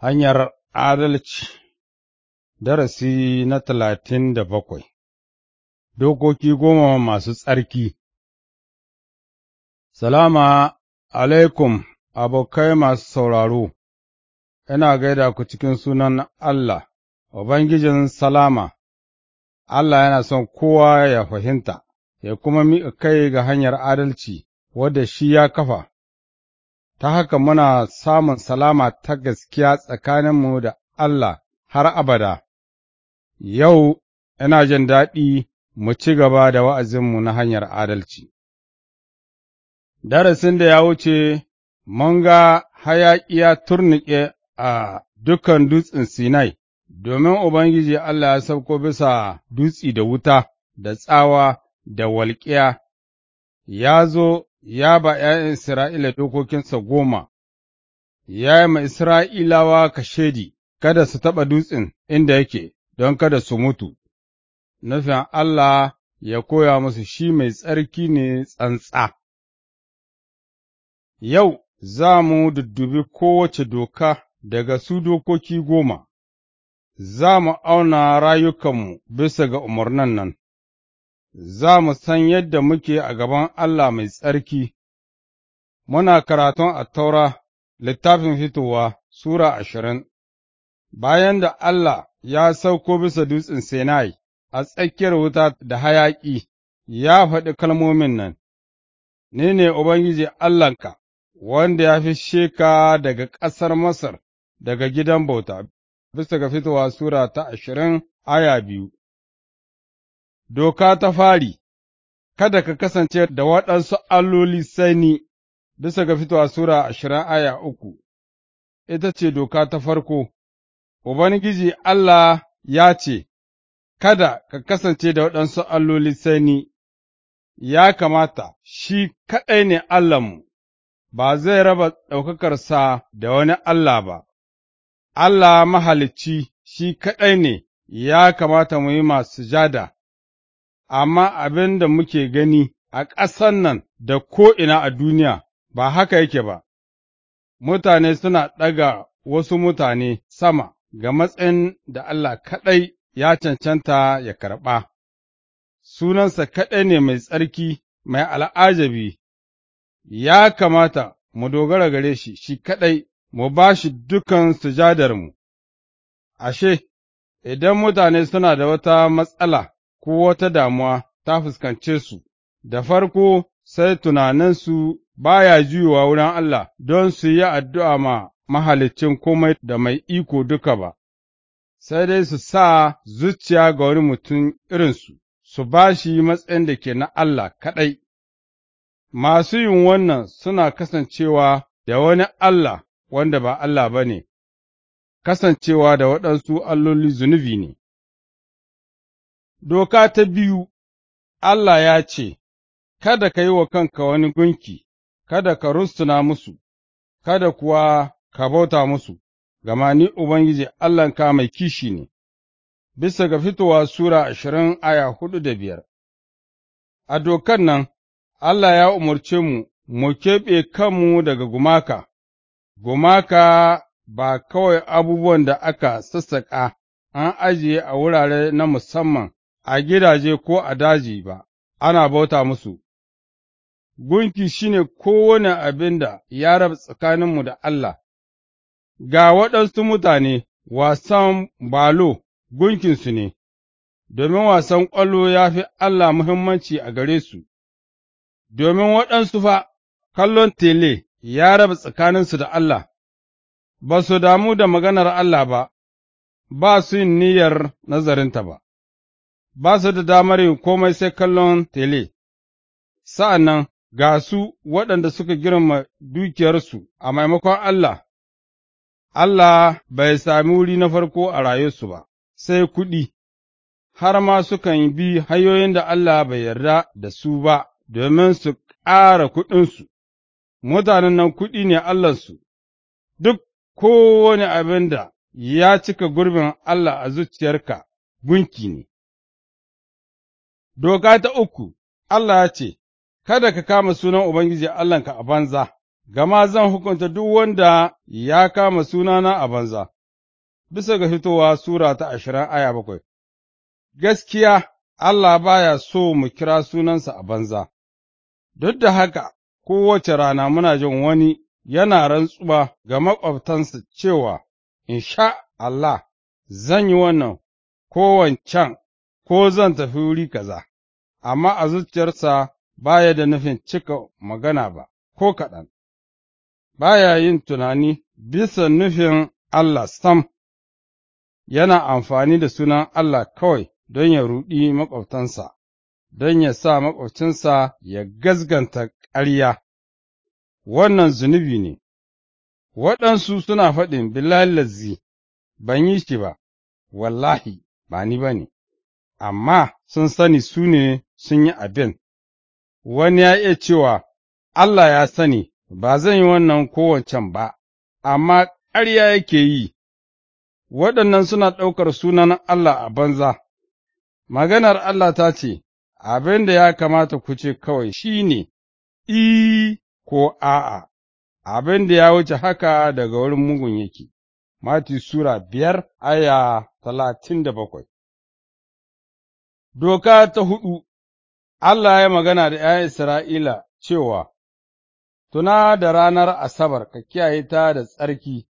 Hanyar Adalci Darasi na talatin da bakwai Dokoki goma masu tsarki Salama alaikum abokai masu sauraro, ina gaida ku cikin sunan Allah, Ubangijin Salama, Allah yana son kowa ya fahimta, ya kuma miƙa kai ga hanyar adalci wadda shi ya kafa. ta haka muna samun salama ta gaskiya tsakaninmu da Allah har abada. Yau ina jin daɗi mu ci gaba da wa'azinmu na hanyar adalci. Darasin da ya wuce, mun ga hayaƙi ya turnuƙe a dukan dutsen Sinai, domin Ubangiji Allah ya sauko bisa dutsi da wuta, da tsawa, da walƙiya, ya zo ya ba ’ya'yan Isra'ila dokokinsa goma, ya yi ma Isra'ilawa kashedi, kada su taɓa dutsen inda yake don kada su mutu, nufin Allah ya koya musu shi mai tsarki ne tsantsa. Yau za mu duddubi kowace doka daga su dokoki goma, za mu auna rayukanmu bisa ga umarnan nan. za mu san yadda muke a gaban Allah mai tsarki, muna karatun a taura littafin fitowa Sura ashirin, bayan da Allah ya sauko bisa dutsen Sinai a tsakiyar wuta da hayaƙi, ya faɗi kalmomin nan, Ni ne Ubangiji Allahnka, wanda ya fishe ka daga ƙasar Masar, daga gidan bauta, bisa ga fitowa Sura ta ashirin aya biyu. Doka ta fari Kada ka kasance da waɗansu alloli sai ni, bisa ga fitowa Sura ashirin aya uku, ita ce doka ta farko, Ubangiji Allah ya ce, Kada ka kasance da waɗansu alloli sai ni, ya kamata shi kaɗai ne Allahnmu, ba zai raba ɗaukakarsa da wani Allah ba, Allah mahalicci shi kaɗai ne ya kamata mu yi masu jada. amma abin da muke gani a ƙasan nan da ko'ina a duniya ba haka yake ba, mutane suna ɗaga wasu mutane sama ga matsayin da Allah kaɗai ya cancanta ya karɓa, sunansa kaɗai ne mai tsarki mai al'ajabi, ya kamata mu dogara gare shi shi kaɗai mu ba shi dukan sujadarmu, ashe, idan mutane suna da wata matsala ko wata damuwa ta fuskance su, da farko sai tunaninsu ba ya juyowa wurin Allah don su yi addu'a ma mahalicin komai da mai iko duka ba, sai dai su sa zuciya ga wani mutum irinsu, su ba shi matsayin da ke na Allah kaɗai. Masu yin wannan suna kasancewa da wani Allah wanda ba Allah ba ne, kasancewa da waɗansu alloli zunubi ne. Doka ta biyu Allah ya ce, Kada ka yi wa kanka wani gunki, kada ka rusuna musu, kada kuwa ka bauta musu, gama ni Ubangiji Allahnka mai kishi ne, bisa ga fitowa Sura ashirin aya hudu da biyar. A dokan nan, Allah ya umarce mu, mu keɓe kanmu daga gumaka, gumaka ba kawai abubuwan da aka sassaƙa an ajiye a wurare na musamman a gidaje ko a daji ba, ana bauta musu, gunki shi ne kowane abin da ya raba tsakaninmu da Allah, ga waɗansu mutane wasan balo gunkinsu ne, domin wasan ƙwallo ya fi Allah muhimmanci a gare su, domin waɗansu fa kallon tele ya raba tsakaninsu da Allah, ba su damu da maganar Allah ba, ba su yin niyyar nazarinta ba. ba su da damar yin komai sai kallon tele, sa'an nan ga su waɗanda suka girma dukiyarsu a maimakon Allah, Allah bai sami wuri na farko a rayuwarsu ba, sai kuɗi, har ma sukan bi hanyoyin da Allah bai yarda da su ba domin su ƙara kuɗinsu, mutanen nan kuɗi ne Allahnsu, duk kowane abin da ya cika gurbin Allah a zuciyarka gunki ne. Doka ta uku, Allah ya ce, Kada ka kama sunan Ubangiji Allahnka a banza, gama zan hukunta duk wanda ya kama sunana a banza, bisa ga fitowa Sura ta ashirin aya bakwai. Gaskiya, Allah baya so mu kira sunansa a banza, duk da haka kowace rana muna jin wani yana rantsuwa ga maƙwabtansa cewa, In sha Allah, zan yi wannan, ko ko zan tafi wuri kaza. amma a zuciyarsa ba ya da nufin cika magana ba, ko kaɗan, ba ya yin tunani bisa nufin Allah sam, yana amfani da sunan Allah kawai don ya ruɗi maƙwabtansa, don ya sa maƙwabcinsa ya gazganta ƙarya, wannan zunubi ne, waɗansu suna faɗin bilalazzi ban yi shi ba, wallahi ba ni ba ne, amma sun sani su ne sun yi abin. Wani ya iya cewa, Allah ya sani, ba zan yi wannan kowancan ba, amma ƙarya yake yi, waɗannan suna ɗaukar sunan Allah a banza. Maganar Allah ta ce, Abin da ya kamata ku ce kawai shi ne, I ko a'a, abin da ya wuce haka daga wurin mugun yake. Mati Sura biyar aya talatin da bakwai Doka ta hudu Allah ya magana da ’ya'yan Isra'ila cewa, Tuna da ranar Asabar ka kiyaye ta da tsarki,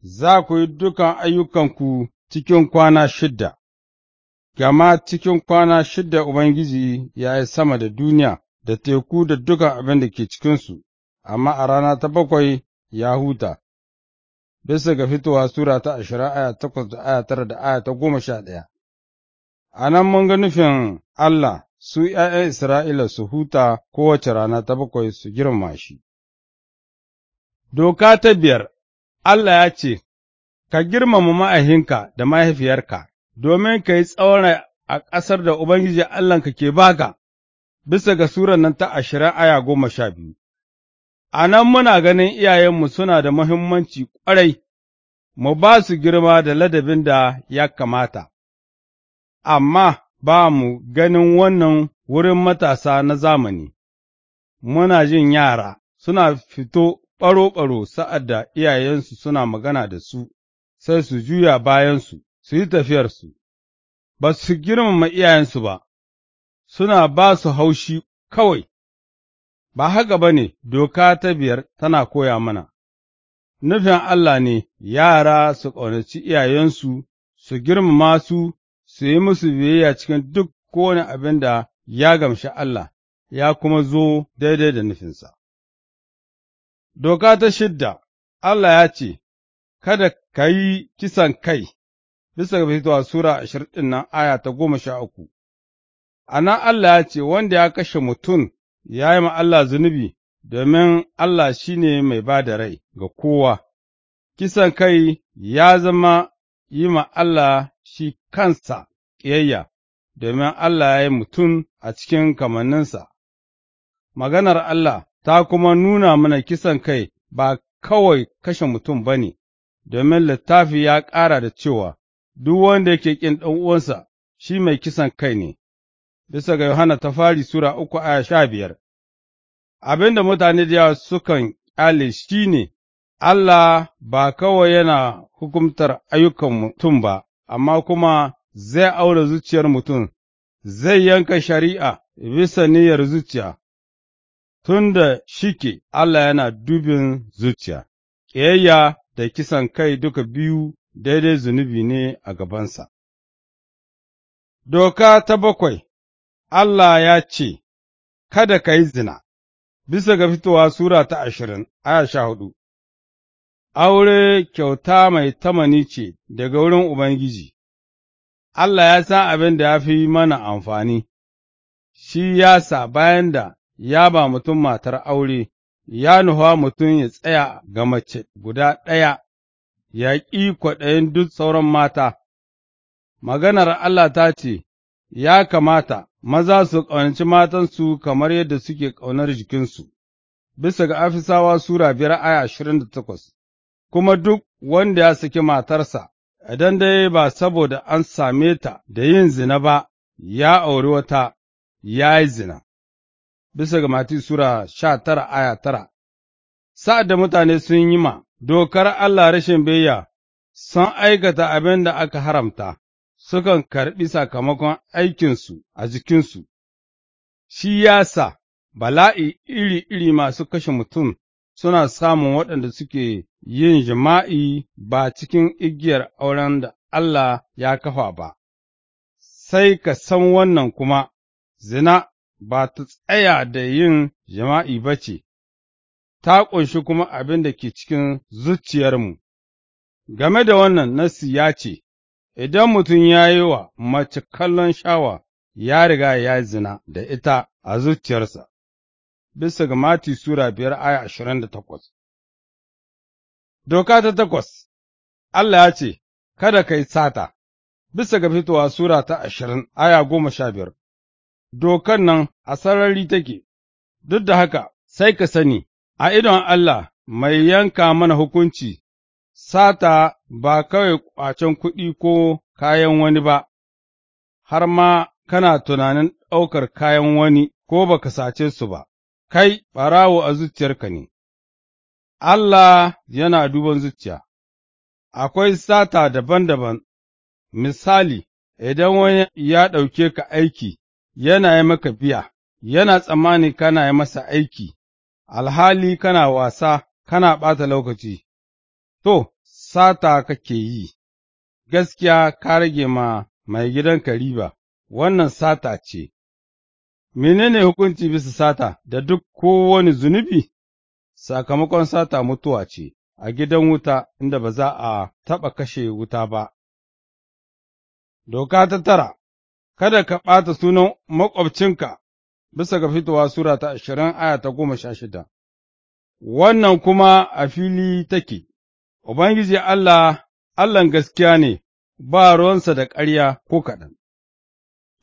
za ku yi dukan ayyukanku cikin kwana shidda, gama cikin kwana shidda Ubangiji ya yi sama da duniya da teku da dukan abin da ke cikinsu, amma a rana ta bakwai ya huta, bisa ga fitowa Sura ta ashirin aya takwas da aya tara da aya ta goma sha ɗaya. A nan mun ga nufin Allah su ’ya'yan Isra'ila su huta kowace rana ta bakwai su girmama shi. Doka ta biyar Allah ya ce, Ka girmama ma'ahinka da mahaifiyarka, domin ka yi tsawon a ƙasar da Ubangiji Allahnka ke baka, bisa ga surar nan ta ashirin aya goma sha biyu. A nan muna ganin iyayenmu suna da muhimmanci ƙwarai, mu ba su girma da ladabin da ya kamata, amma ba mu ganin wannan wurin matasa na zamani, muna jin yara suna fito ɓaro-ɓaro sa'ad da iyayensu suna magana da su, sai su juya bayansu, su yi tafiyarsu, ba su girmama iyayensu ba, suna ba su haushi kawai, ba haka ba ne doka ta biyar tana koya mana, nufin Allah ne yara su ƙaunaci iyayensu, su girmama su, su yi musu biyayya cikin duk kowane abin da ya gamshi Allah, ya kuma zo daidai da nufinsa. Doka ta shidda, Allah ya ce, Kada ka yi kisan kai, bisa ga fitowa Sura ashirin ɗin nan aya ta goma sha uku, a nan Allah ya ce, Wanda ya kashe mutum ya yi ma Allah zunubi, domin Allah shi ne mai ba da rai ga kowa, kisan kai ya zama yi ma Allah shi kansa ƙiyayya, domin Allah ya yi mutum a cikin kamanninsa. Maganar Allah ta kuma nuna mana kisan kai ba kawai kashe mutum ba ne, domin littafi ya ƙara da cewa, Duk wanda yake ƙin uwansa shi mai kisan kai ne, bisa ga Yohana ta fari Sura uku aya sha biyar. Abin da mutane da yawa sukan ƙyale shi ne, Allah ba kawai yana hukumtar ayyukan mutum ba, amma kuma zai aure zuciyar mutum, zai yanka shari'a bisa niyyar zuciya, tun da ke Allah yana dubin zuciya, ƙiyayya da kisan kai duka biyu daidai zunubi ne a gabansa. Doka ta bakwai Allah ya ce, Kada ka yi zina, bisa ga fitowa Sura ta ashirin, aya sha hudu, aure kyauta mai tamani ce daga wurin Ubangiji. Allah ya san abin da ya fi mana amfani, shi ya sa bayan da ya ba mutum matar aure, ya nufa mutum ya tsaya ga mace guda ɗaya, ya ƙi kwaɗayin duk sauran mata. Maganar Allah ta ce, Ya kamata maza su ƙaunaci matansu kamar yadda suke ƙaunar jikinsu, bisa ga Afisawa Sura biyar aya ashirin da takwas, kuma duk wanda ya saki matarsa idan dai ba saboda an same ta da yin zina ba, ya auri wata, ya yi zina. Bisa ga Mati Sura sha tara aya tara, sa'ad da mutane sun yi ma dokar Allah rashin biyya, sun aikata abin da aka haramta, sukan karɓi sakamakon aikinsu a jikinsu, shi ya sa bala'i iri-iri masu kashe mutum suna samun waɗanda suke yin jima'i ba cikin igiyar auren da Allah ya kafa ba, sai ka san wannan kuma, zina ba ta tsaya da yin jima'i ba ce, ta ƙunshi kuma abin da ke cikin zuciyarmu. Game da wannan nasi ya ce, Idan mutum ya yi wa mace kallon shawa, ya riga ya zina da ita a zuciyarsa. bisa ga Mati Sura biyar aya ashirin da takwas. Doka ta takwas Allah ya ce, Kada ka yi sata, bisa ga fitowa Sura ta ashirin aya goma sha biyar, dokan nan a sarari take, duk da haka sai ka sani, a idon Allah mai yanka mana hukunci, sata ba kawai ƙwacen kuɗi ko kayan wani ba, har ma kana tunanin ɗaukar kayan wani ko ba ka sace su ba. kai ɓarawo a zuciyarka ne, Allah yana duban zuciya, akwai sata daban-daban, misali, idan wani ya ɗauke ka aiki, yana yi maka biya, yana tsammani kana yi masa aiki, alhali kana wasa, kana ɓata lokaci, to, sata kake yi, gaskiya ka rage ma mai gidanka riba, wannan sata ce. menene hukunci bisa sata da duk kowane zunubi? Sakamakon sata mutuwa ce a gidan wuta inda ba za a taɓa kashe wuta ba. Doka ta tara, kada ka ɓata sunan maƙwabcinka bisa ga fitowa Sura ta ashirin aya ta goma sha shida, wannan kuma a fili take, Ubangiji Allah, Allahn gaskiya ne, ba ruwansa da ƙarya ko kaɗan.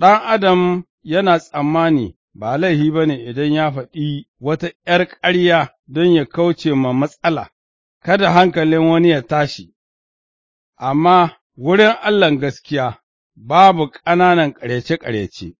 Ɗan Adam yana tsammani ba laifi ba ne idan ya faɗi wata ’yar ƙarya don ya kauce ma matsala, kada hankalin wani ya tashi, amma wurin Allahn gaskiya babu ƙananan ƙarece-ƙarece,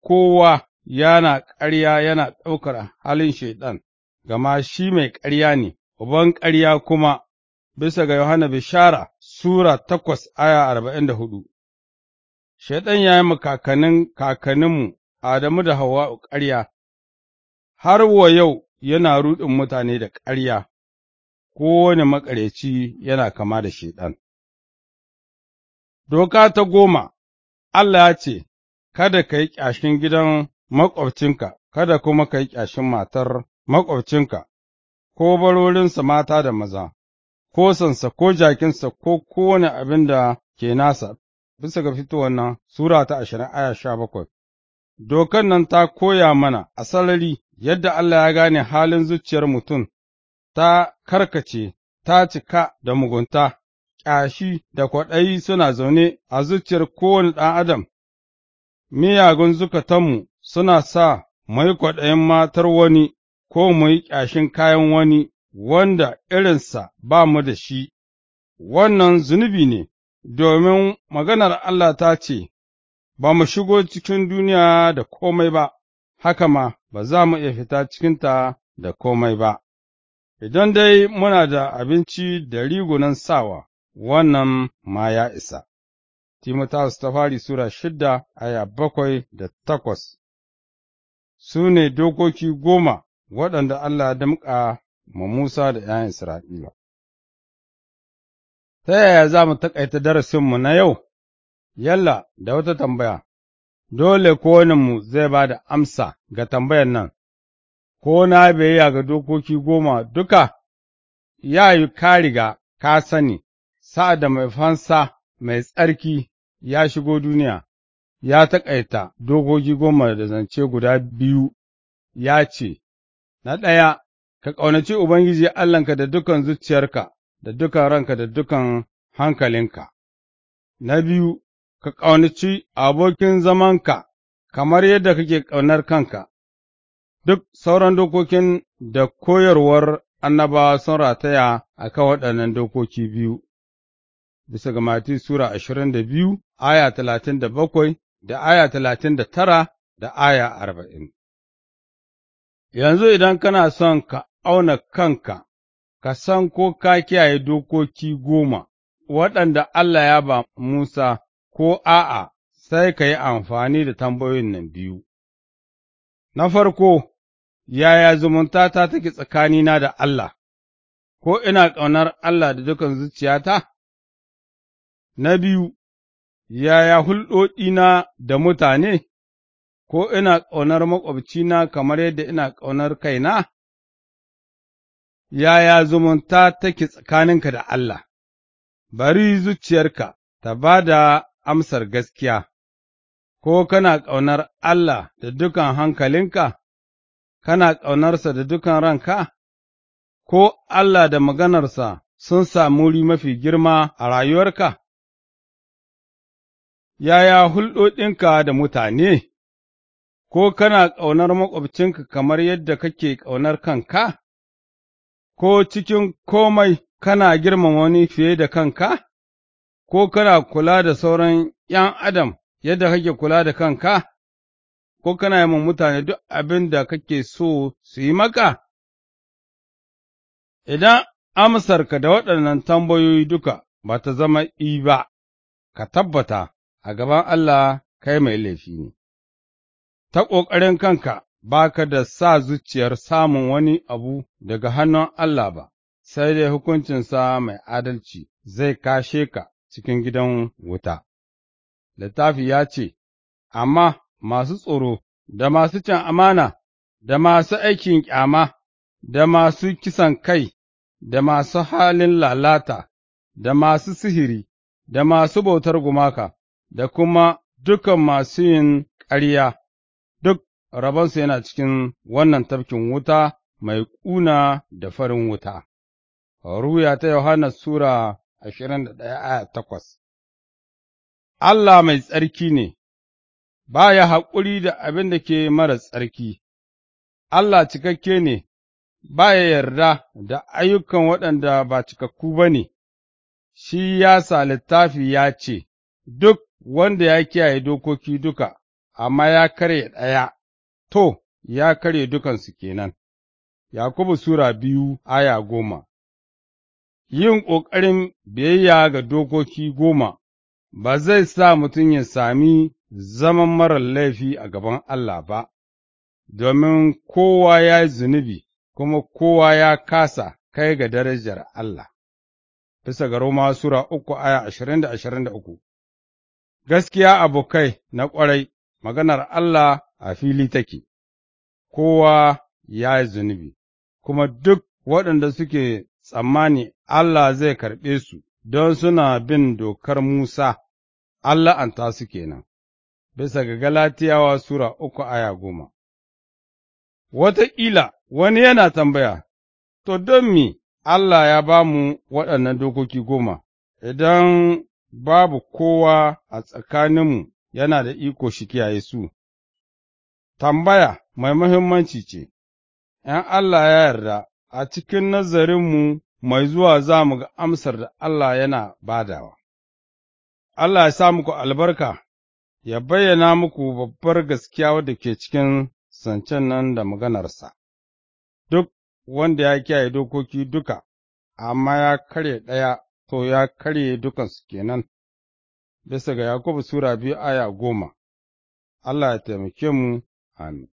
kowa yana ƙarya yana ɗaukar halin Shaiɗan, gama shi mai ƙarya ne, uban ƙarya kuma, bisa ga Yohana Bishara Sura takwas aya arba'in da hudu. Shaiɗan ya yi mu kakannin kakanninmu Adamu da Hawwa'u ƙarya, har wa yau yana ruɗin mutane da ƙarya, kowane maƙaryaci yana kama da Shaiɗan. Doka ta goma Allah ya ce, Kada ka yi ƙyashin gidan maƙwabcinka, kada kuma ka yi ƙyashin matar maƙwabcinka, ko barorinsa mata da maza, ko sansa, ko jakinsa, ko kowane abin da ke nasa, bisa ga fitowar nan Sura ta ashirin aya sha bakwai. Dokan nan ta koya mana a salari yadda Allah ya gane halin zuciyar mutum, ta karkace, ta cika da mugunta, ƙyashi da kwaɗayi suna zaune a zuciyar kowane ɗan adam, miyagun zukatanmu suna sa mu yi kwaɗayin matar wani ko mu yi ƙyashin kayan wani wanda irinsa ba mu da shi, wannan zunubi ne. domin maganar Allah ta ce, Ba mu shigo cikin duniya da komai ba, haka ma ba za mu iya fita cikinta da komai ba, idan dai muna da abinci da rigunan sawa, wannan ma ya isa. Timotaus ta Sura shida aya bakwai da takwas Su ne dokoki goma waɗanda Allah ya damƙa ma Musa da ’ya'yan Isra'ila. ta yaya za mu taƙaita darasinmu na yau, yalla da wata tambaya, dole mu zai ba da amsa ga tambayan nan, ko na biyayya ga dokoki goma duka, ya yi ka riga ka sani, sa'ad da mai fansa mai tsarki ya shigo duniya, ya taƙaita dokoki goma da zance guda biyu, ya ce, Na ɗaya, ka ƙaunaci Ubangiji Allahnka da dukan zuciyarka, da dukan ranka da dukan hankalinka. Na biyu, ka ƙaunaci abokin zamanka kamar yadda kake ƙaunar kanka, duk sauran dokokin da koyarwar annabawa sun rataya a kan waɗannan dokoki biyu, bisa ga Mati Sura ashirin da biyu, aya talatin da bakwai, da aya talatin da tara, da aya arba'in. Yanzu idan kana son ka auna kanka ka san ko ka kiyaye dokoki goma, waɗanda Allah ya ba Musa ko a'a, sai ka yi amfani da tambayoyin nan biyu. Na farko, yaya zumunta ta take tsakanina da Allah, ko ina ƙaunar Allah da dukan zuciyata? Na biyu, yaya hulɗoɗina da mutane, ko ina ƙaunar maƙwabcina kamar yadda ina ƙaunar kaina? yaya zumunta take tsakaninka da Allah, bari zuciyarka ta ba da amsar gaskiya, ko kana ƙaunar Allah da dukan hankalinka, kana ƙaunarsa da dukan ranka, ko Allah da maganarsa sun samu wuri mafi girma a rayuwarka? Yaya hulɗoɗinka da mutane, ko kana ƙaunar maƙwabcinka kamar yadda kake ƙaunar kanka? ko cikin komai kana girmama wani fiye da kanka, ko kana kula da sauran ’yan adam yadda kake kula da kanka, ko kana yi mutane duk abin da kake so su yi maka? Idan amsarka da waɗannan tambayoyi duka ba ta zama i ba, ka tabbata a gaban Allah kai mai laifi ne, ta ƙoƙarin kanka ba ka da sa zuciyar samun wani abu daga hannun Allah ba, sai dai hukuncinsa mai adalci zai kashe ka cikin gidan wuta. Littafi ya ce, Amma masu tsoro, da masu cin amana, da masu aikin ƙyama, da masu kisan kai, da masu halin lalata, da masu sihiri, da masu bautar gumaka, da kuma dukan masu yin ƙarya rabonsa yana cikin wannan tafkin wuta mai ƙuna da farin wuta. Ruya ta Yohana Sura ashirin da ɗaya aya takwas Allah mai tsarki ne, ba ya haƙuri da abin da ke mara tsarki, Allah cikakke ne, ba ya yarda da ayyukan waɗanda ba cikakku ba ne, shi ya sa littafi ya ce, Duk wanda ya kiyaye dokoki duka, amma ya karya ɗaya, to, ya karya dukansu kenan. Yakubu Sura biyu aya goma Yin ƙoƙarin biyayya ga dokoki goma ba zai sa mutum ya sami zaman marar laifi a gaban Allah ba, domin kowa ya yi zunubi kuma kowa ya kasa kai ga darajar Allah. Bisa ga Roma Sura uku aya ashirin da ashirin da uku Gaskiya abokai na ƙwarai, maganar Allah a fili take, kowa ya yi zunubi, kuma duk waɗanda suke tsammani Allah zai karɓe su don suna bin dokar Musa, Allah an ta su kenan, bisa ga Galatiyawa Sura uku aya goma. Wataƙila wani yana tambaya, To, don me Allah ya ba mu waɗannan dokoki goma, idan babu kowa a tsakaninmu yana da iko shi kiyaye su. tambaya mai muhimmanci ce, ’yan Allah ya yarda a cikin nazarinmu mai zuwa za mu ga amsar da Allah yana badawa. Allah ya sa muku albarka, ya bayyana muku babbar gaskiya wadda ke cikin zancen nan da maganarsa, duk wanda ya kiyaye dokoki duka, amma ya karye ɗaya, to ya karye dukansu kenan. Bisa ga Yakubu Sura biyu aya goma, Allah ya taimake mu. and